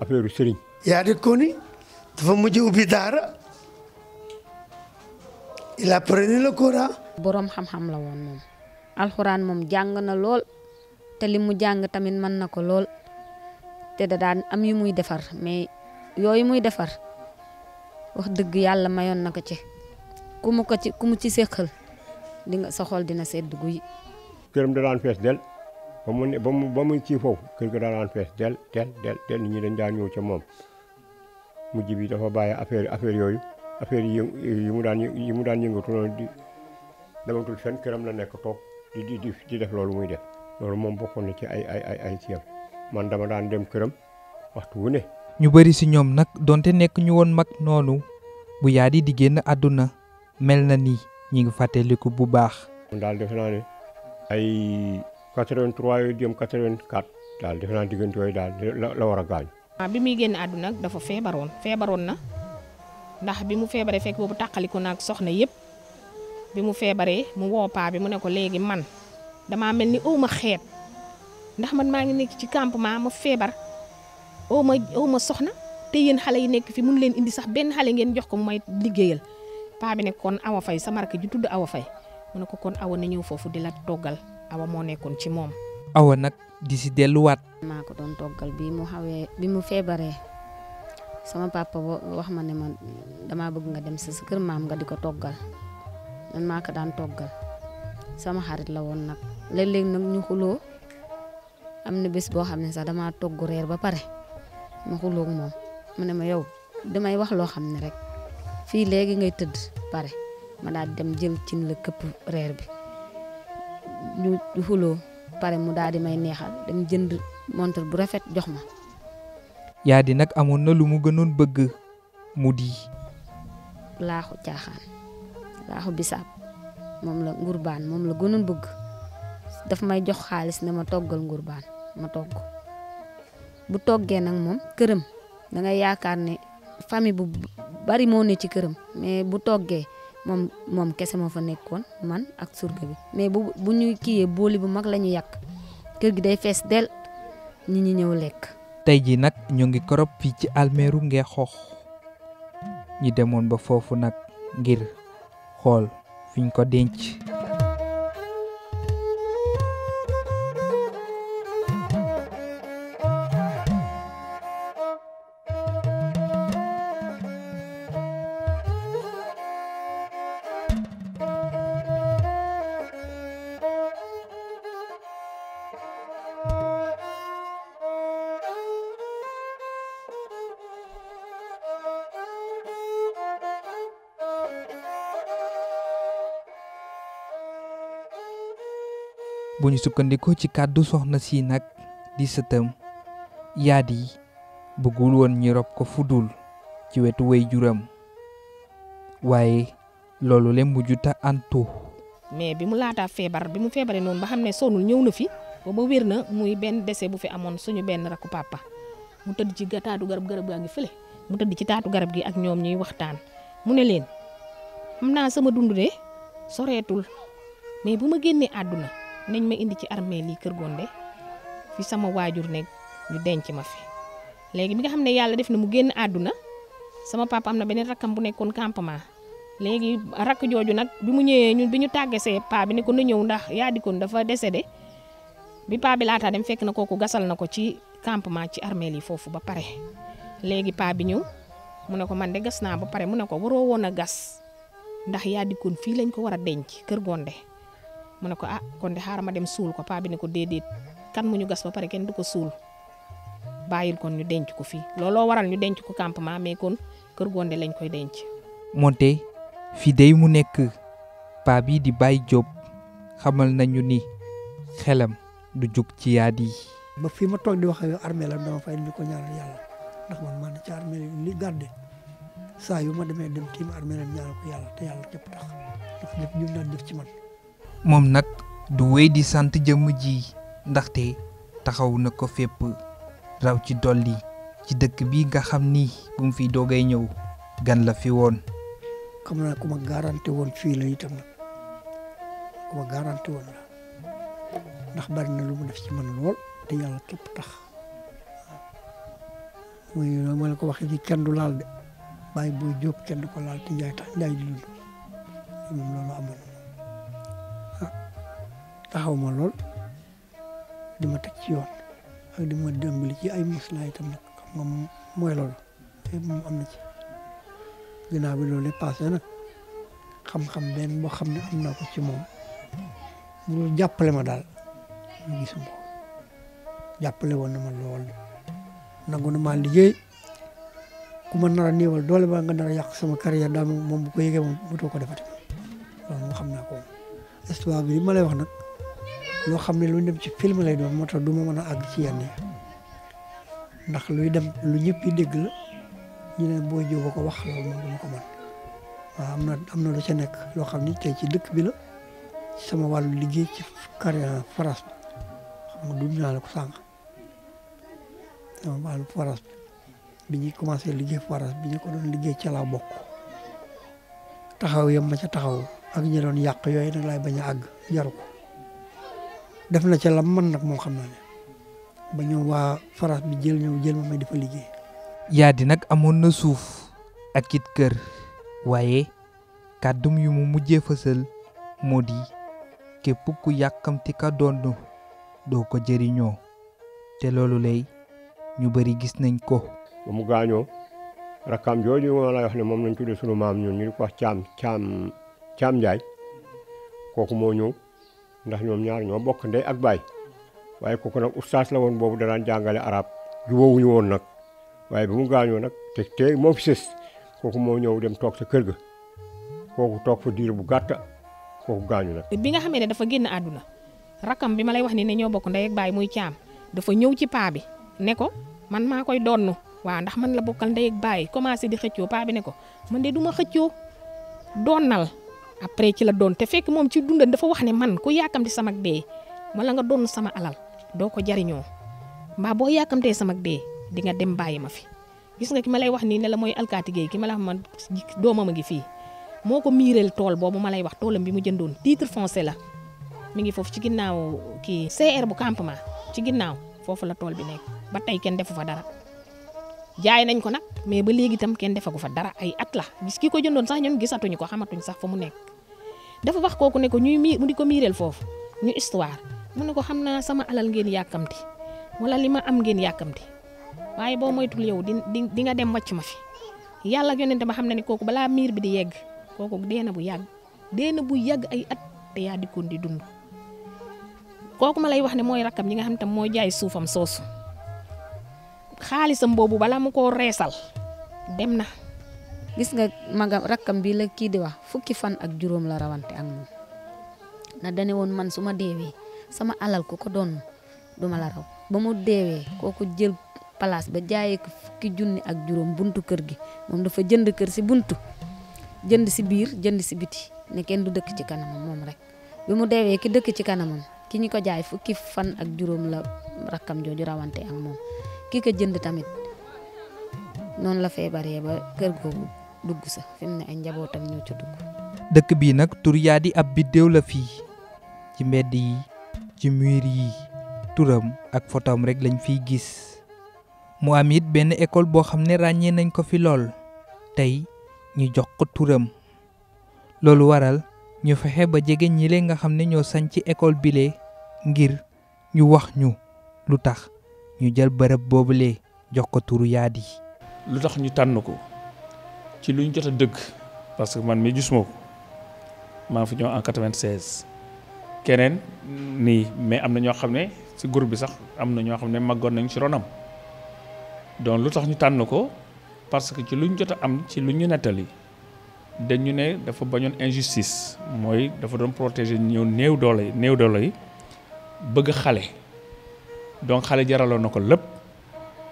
Speaker 2: affaireu sëriñ ya di ko ni dafa mujj ubi dara
Speaker 4: il apprenait le Coran borom xam-xam la won mom
Speaker 5: alcorane mom jang na lol te limu jang tamit te da daan am yu muy defar mais yooyu muy defar wax dëgg yàlla mayoon na ko ci ku mu ko ci ku mu ci séqal di nga sa xol dina sedd guy.
Speaker 2: këram da daan fees del ba ba mu ba mu ci foofu kër ga da daan fees del del del del nit ñi dañ daan ñëw ca moom mujj bi dafa bàyyi affaire affaire yooyu affaire yi mu daan yi mu daan yëngatu noonu di dematul fenn këram la nekk toog di di di def loolu muy def loolu moom bokkoon na ci ay ay ay ay man dama daan dem këram waxtu wu ne.
Speaker 1: ñu bëri si ñoom nag donte nekk ñu woon mag noonu bu yaa di di génn àdduna mel na ni ñi ngi fàttaliku bu baax.
Speaker 2: man daal defe naa ne ay 83 yooyu jëm daal defe diggante yooyu daal la war a gaañ.
Speaker 3: Ah, bi muy génn àdduna dafa feebaroon feebaroon na ndax bi mu feebaree fekk boobu tàqaliku nag soxna yëpp bi mu feebaree mu woo bi mu ne ko léegi man damaa mel ni aw xeet. ndax man maa ngi nekk ci campement ma feebar oo ma ma soxna te yéen xale yi nekk fi mun leen indi sax benn xale ngeen jox ko mu may liggéeyal paa bi ne kon awa fay sama rakk ji tudd awa fay mu ne ko kon awa na ñëw foofu di la toggal moo nekkoon ci moom.
Speaker 1: awa nag di si delluwaat. maa ko
Speaker 3: doon toggal bi mu
Speaker 5: xawee bi mu feebaree sama papa wax ma ne ma damaa bëgg nga dem sa kër maam nga di ko toggal man maa ko daan toggal sama xarit la woon nag léeg nag ñu xuloo am na bés boo xam ne sax damaa togg reer ba pare ma xulóog moom mu ne ma yow damay wax loo xam ne rek fii léegi ngay tëdd pare ma daal di dem jël cin la këpp reer bi ñu xuloo pare mu daal di may neexal dem jënd montre bu rafet jox ma.
Speaker 1: yaa di nag amoon na lu mu gënoon bëgg mu di.
Speaker 5: laaxu caaxaan laaxu bisaab moom la ngurbaan moom la gënoon bëgg daf may jox xaalis ne ma toggal ngurubaan ma togg bu toggee nag moom këram dangay yaakaar ne famille bu bari moo ne ci këram mais bu toggee moom kese moo fa nekkoon man ak surga bi mais bu bu ñu kiiyee booli bu mag la ñu yàq kër gi day fees del ñi ñu ñëw lekk.
Speaker 1: tey jii nag ñu ngi korop fii ci almeeru xoox ñu demoon ba foofu nag ngir xool fiñ ko denc. ñu ko ci kaddu soxna si nak di sëtam yadi bëggul won ñi rob ko fudul ci wetu way juram waye loolu le juta antu
Speaker 3: mais bi mu laataa febar bi mu febaré non ba xamné ne sonul ñëw na fi ba ba muy ben dese bu fi amoon suñu ben rakku papa mu tedd ci gataadu garab garab gaangi fele mu tedd ci taatu garab gi ak ñom ñuy waxtaan mu ne leen amna sama dundu de soretul mais buma genné aduna nañ ma indi ci armée li kër gondé fi sama waajur ne ñu denc ma fi légui bi nga xamné yalla def na mu génn aduna sama papa amna na rakam bu nekkon campement légui rak joju nak bi mu ñëwé ñun biñu taggé sé pa bi nekkon na ñëw ndax di dikoon dafa décédé bi pa bi laata dem fekk na koku gasal nako ci campement ci armée li foofu ba paré légui pa bi ñu mu ne ko man de gas na ba pare mu ne ko waro wona gas ndax di dikoon fi lañ ko wara denc kër gondé mu ne ko ah kon de xaaral ma dem suul ko paa bi ne ko déedéet kan mu ñu gas ba pare kenn du ko suul bàyyil kon ñu denc ko fii looloo waral ñu denc ko campement mais kon kër Gondé lañ koy denc.
Speaker 1: moonte fi dey mu nekk paa bi di bay job xamal nañu ni xelam du jug ci yaad yi.
Speaker 7: ba fii ma toog di wax armée la dama fay ñaanal yàlla ndax man man ci armée li gardé saa yu ma demee dem tiim armée la ñaanal ko yàlla te yàlla képp tax ndax lépp ñu daan def ci man
Speaker 1: mom nak du way di sante jëm ji ndaxte taxaw na ko fépp raw ci dolli ci dëkk bi nga xam ni bu mu fi dogay ñëw gan la fi woon.
Speaker 7: xam naa ku ma garanti woon fii la itam nag ku ma garanti woon la ndax bari na lu mu def ci man lool te yàlla képp tax muy ma la ko waxee ci kenn du laal de bàyyi booy jóg kenn du ko laal te jaay tax jaay di dund moom loolu amoon taxaw ma lool di ma teg ci yoon ak di ma dimbali ci ay maslaa itam nag xam nga moom mooy lool te moom am na ci ginnaaw bi loolu passé nag xam-xam benn boo xam ne ko ci moom mu jàppale ma daal mu gisuma ko jàppale woon na ma lool nangu na maa liggéey ku ma nar a néewal doole ba nga nar a yàq sama carrière daal moom bu ko yëgee moom bu too ko defati loolu moo xam naa ko histoire bi li ma lay wax nag lo xam lu dem ci film lay doon motax duma mëna ag ci yenn ndax luy dem lu ñepp yi dégg la ñu ne boo jóg ko wax lo mo dama ko man waaw amna na lu ci nek lo xamni tay ci dëkk bi la sama walu liggéey ci carrière France xam nga duñu la ko sang sama walu France bi ñi commencé liggéey France bi ñi ko doon liggéey ci la bokk taxaw yam ma ca taxaw ak ñi doon yaq yoy nak lay baña ag àgg ko def na ca lam man nag moo xam na ne ba ñoom waa France bi jël ñëw jël ma may dafa liggéey.
Speaker 1: yaa di nag amoon na suuf ak it kër waaye kàddum yu mu mujjee fësal moo di képp ku yàkkamti ka do ko jëriñoo te loolu lay ñu bari gis nañ ko.
Speaker 2: mu gaañoo rakkaam jooju ma lay ne moom lañ tuddee sunu maam ñun ñu di ko caam caam caam Njaay kooku moo ñëw. ndax ñoom ñaar ñoo bokk ndey ak baay waaye kooku nag ustaas la woon boobu danaan jàngale arab jubóowuñu woon nag waaye bi mu gaañoo nag te tey moo fi kooku moo ñëw dem toog sa kër ga kooku toog fa diir bu gàtt kooku gaañu nag.
Speaker 3: bi nga xamee ne dafa génn àdduna rakkam bi ma lay wax nii ne ñoo bokk ndey ak baay muy caam dafa ñëw ci paa bi ne ko man maa koy donnu waa ndax man la bokkal ndey ak baay commencé di xëccoo paa bi ne ko man de du ma xëccoo donnal. après ci la doon te fekk moom ci dundam dafa wax ne man ku yàkkamti sama dee wala nga doon sama alal doo ko jariñoo mbaa boo yàkkamtee sama dee di nga dem bàyyi ma fi gis nga ki ma lay wax nii ne la mooy alkaati géey ki ma la wax man doomam a ngi fii moo ko miireel tool boobu ma lay wax toolam bi mu jëndoon titre foncier la mi ngi foofu ci ginnaaw kii CR bu campement ci ginnaaw foofu la tool bi nekk ba tey kenn defu fa dara jaay nañ ko nag mais ba léegi tam kenn defagu fa dara ay at la gis ki ko jëndoon sax ñun gisatuñu ko xamatuñ sax fa mu nekk dafa wax kooku ne ko ñuy mi mu di ko miireel foofu ñu histoire mu ne ko xam na sama alal ngeen yàkkamti wala li ma am ngeen yàkkamti waaye boo moytul yow di di nga dem wàcc ma fi yàlla ak yonente ba xam ne ne kooku balaa miir bi di yegg kooku deena bu yàgg deena bu yàgg ay at te yaa dikkoon di dund kooku ma lay wax ne mooy rakkam yi nga xam tam moo jaay suufam soosu xaalisam boobu bala mu koo reesal dem na. gis nga magam rakkam bi
Speaker 5: la kii di wax fukki fan ak juróom la rawante ak moom na dane woon man su ma sama alal ku ko doon duma la raw ba mu deewee kooku jël place ba jaayee ko fukki junni ak juróom buntu kër gi moom dafa jënd kër si buntu jënd si biir jënd si biti ne kenn du dëkk ci kanamam moom rek bi mu deewee ki dëkk ci kanamam ki ñi ko jaay fukki fan ak juróom la rakkam jooju rawante ak moom ki ko jënd tamit noonu la feebaree ba kër googu dugg sa fi ne ay njabootam
Speaker 1: ñoo ci dugg. dëkk bii nag tur yaa di ab biddéew la fii ci mbedd yi ci mur yi turam ak fotoom rekk lañ fiy gis mu am it benn école boo xam ne ràññee nañ ko fi lool tey ñu jox ko turam loolu waral ñu fexe ba jege ñi nga xam ne ñoo sañ ci école bile ngir ñu wax ñu lu tax ñu jël bërëb boobu
Speaker 8: boobule jox ko turu yaadi. lu tax ñu tànn ko ci lu ñu jot a dëgg parce que man mi gisuma ko maa fi ñëw en 96. keneen nii mais am na ñoo xam ne si groupe bi sax am na ñoo xam ne màggoon nañ ci ronam donc lu tax ñu tànn ko parce que ci lu ñu jot a am ci lu ñu nettali dañu ne dafa bañoon injustice mooy dafa doon protéger ñëw néew doole yi néew doole yi bëgg xale. donc xale jaraloon na ko lépp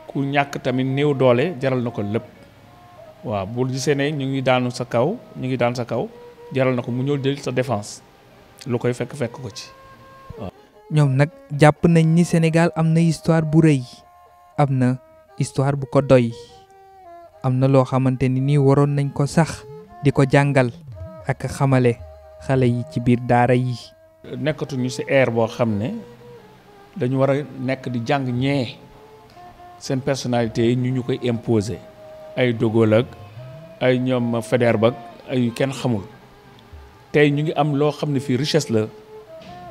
Speaker 8: ku ñàkk tamit néew doole jaral na ko lépp waaw bu gisee ne ñu ngi daanu sa kaw ñu ngi daan sa kaw jaral na ko mu ñëw jël sa défense lu koy fekk fekk ko ci waaw.
Speaker 1: ñoom nag jàpp nañ ni Sénégal am na histoire bu rëy am na histoire bu ko doy am na loo xamante ni nii waroon nañ ko sax di ko jàngal ak xamale xale yi ci biir daara yi.
Speaker 8: nekkatuñu si ère boo xam ne. dañu war a nekk di jàng ñee seen personnalité yi ñu ñu koy imposer ay Dogol ak ay ñoom Faidherbe ay kenn xamul tey ñu ngi am loo xam ne fii richesse la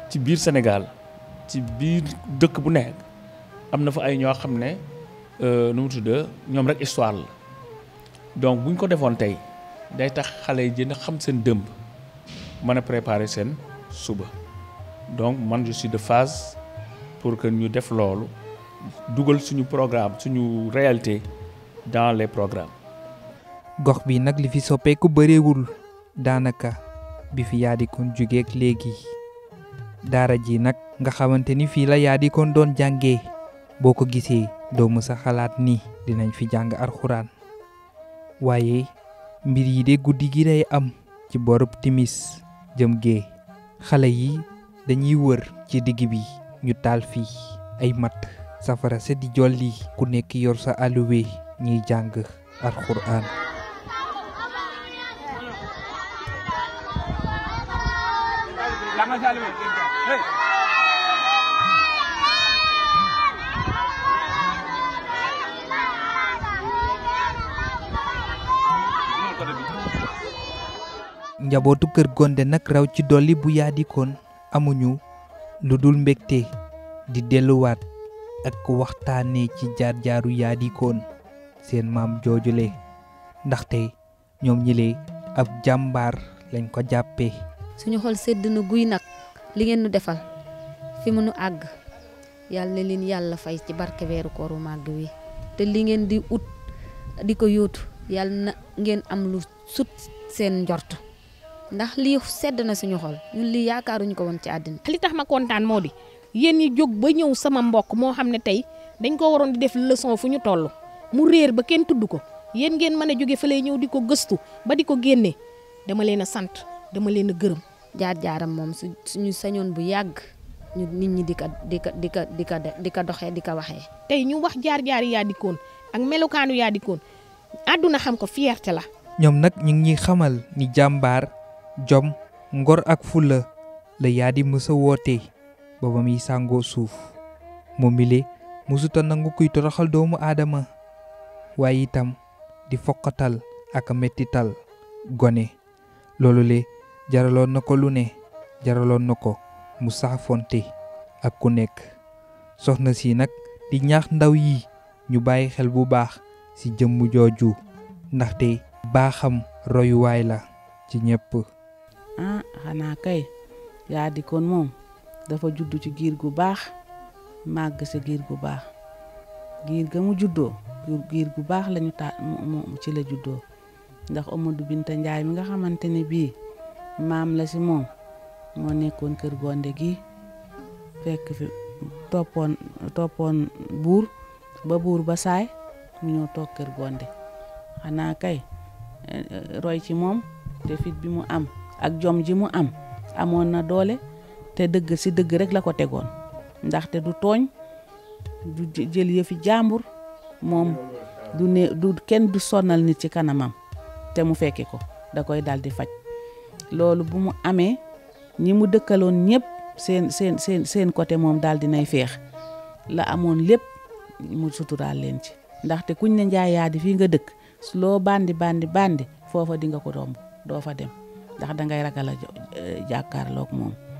Speaker 8: ci biir Sénégal ci biir dëkk bu nekk am na fa ay ñoo xam ne euh, nu mu tudd ñoom rek histoire la donc buñ ko defoon tey day tax xale yi jënd xam seen dëmb mën a préparer seen suba donc man je de phase. pour que ñu def loolu dugal suñu programme suñu réalité dans les programmes
Speaker 1: gox bi nag li fi soppeeku bëreewul daanaka bi fi yaadikoon jugeek léegi daara ji nag nga xamante ni fii la yaadikoon doon jàngee boo ko gisee doomu sa xalaat ni dinañ fi jàng arxuraan waaye mbir yi de guddi gi day am ci borub timis jëm gee xale yi dañuy wër ci digg bi ñu taal fi ay mat safara se di jolli ku nekk yor sa aluwe ñuy jàng alquran njabootu kër gonde nag raw ci dolli bu Ludul mbekté di deluat ak waxtaane ci jaar-jaaru sen mam maam le ndaxte ñom ñilé ab jambar lañ ko jappé
Speaker 5: suñu xol sedd na guy nak li ngeen nu defal fi mu nu ag yalla leen yalla fay ci barke mag wi te li ngeen di ut di ko yóotu yàlla ngeen am lu sut seen
Speaker 3: jortu ndax lii sedd na suñu xol ñun lii yaakaaruñu ko woon ci àddina li tax ma kontaan moo di yéen ñi jóg ba ñëw sama mbokk moo xam ne tey dañ ko waroon di def leçon fu ñu toll mu réer ba kenn tudd ko yéen ngeen mën a jóge lay ñëw di ko gëstu ba di ko génne dama leen a sant dama leen a gërëm jaar jaaram moom su suñu sañoon bu yàgg ñu nit ñi di ka di ka di ka di ka di ka doxee di ka waxee tey ñu wax jaar jaar yaa dikkoon ak melokaanu yaa dikkoon àdduna xam ko fierté la
Speaker 1: ñoom nag ñu ngi xamal ni jàmbaar jom ngor ak fulla la Yadi mësa woote ba yi muy sàngoo suuf moom mile mësuta nangu kuy toroxal doomu aadama waaye itam di foqatal ak mettital gone loolu le jaraloon na ko lu ne jaraloon na ko mu saafonte ak ku nekk soxna si nag di ñax ndaw yi ñu bàyyi xel bu baax ci jëmm jooju ndaxte baaxam royuwaay la ci ñépp
Speaker 6: ah xana kay yaa di kon moom dafa juddu ci giir gu baax màgg sa giir gu baax giir ga mu juddoo giir gu baax lañu ta mu ci la juddoo ndax Amadou Binta Njaay mi nga xamante bi bii maam la si moom moo nekkoon kër gonde gi fekk fi toppoon toppoon buur ba buur ba saay mu ñëw toog gonde xanaa kay eh, eh, roy ci moom te fit bi mu am ak jom ji mu am amoon na doole te dëgg si dëgg rek la ko tegoon ndaxte du tooñ du jël yëfi jàmbur moom du ne kenn du sonnal nit ci kanamam te mu fekke ko da koy dal di faj loolu bu mu amee ñi mu dëkkaloon ñëpp seen seen seen seen côté moom daal di nay feex la amoon lépp mu suturaal leen ci ndaxte kuñ ne njaayaadi fii nga dëkk loo bandi bandi bandi foofa di nga ko domb doo fa dem ndax dangay ragal a eh, jàkkaarloog moom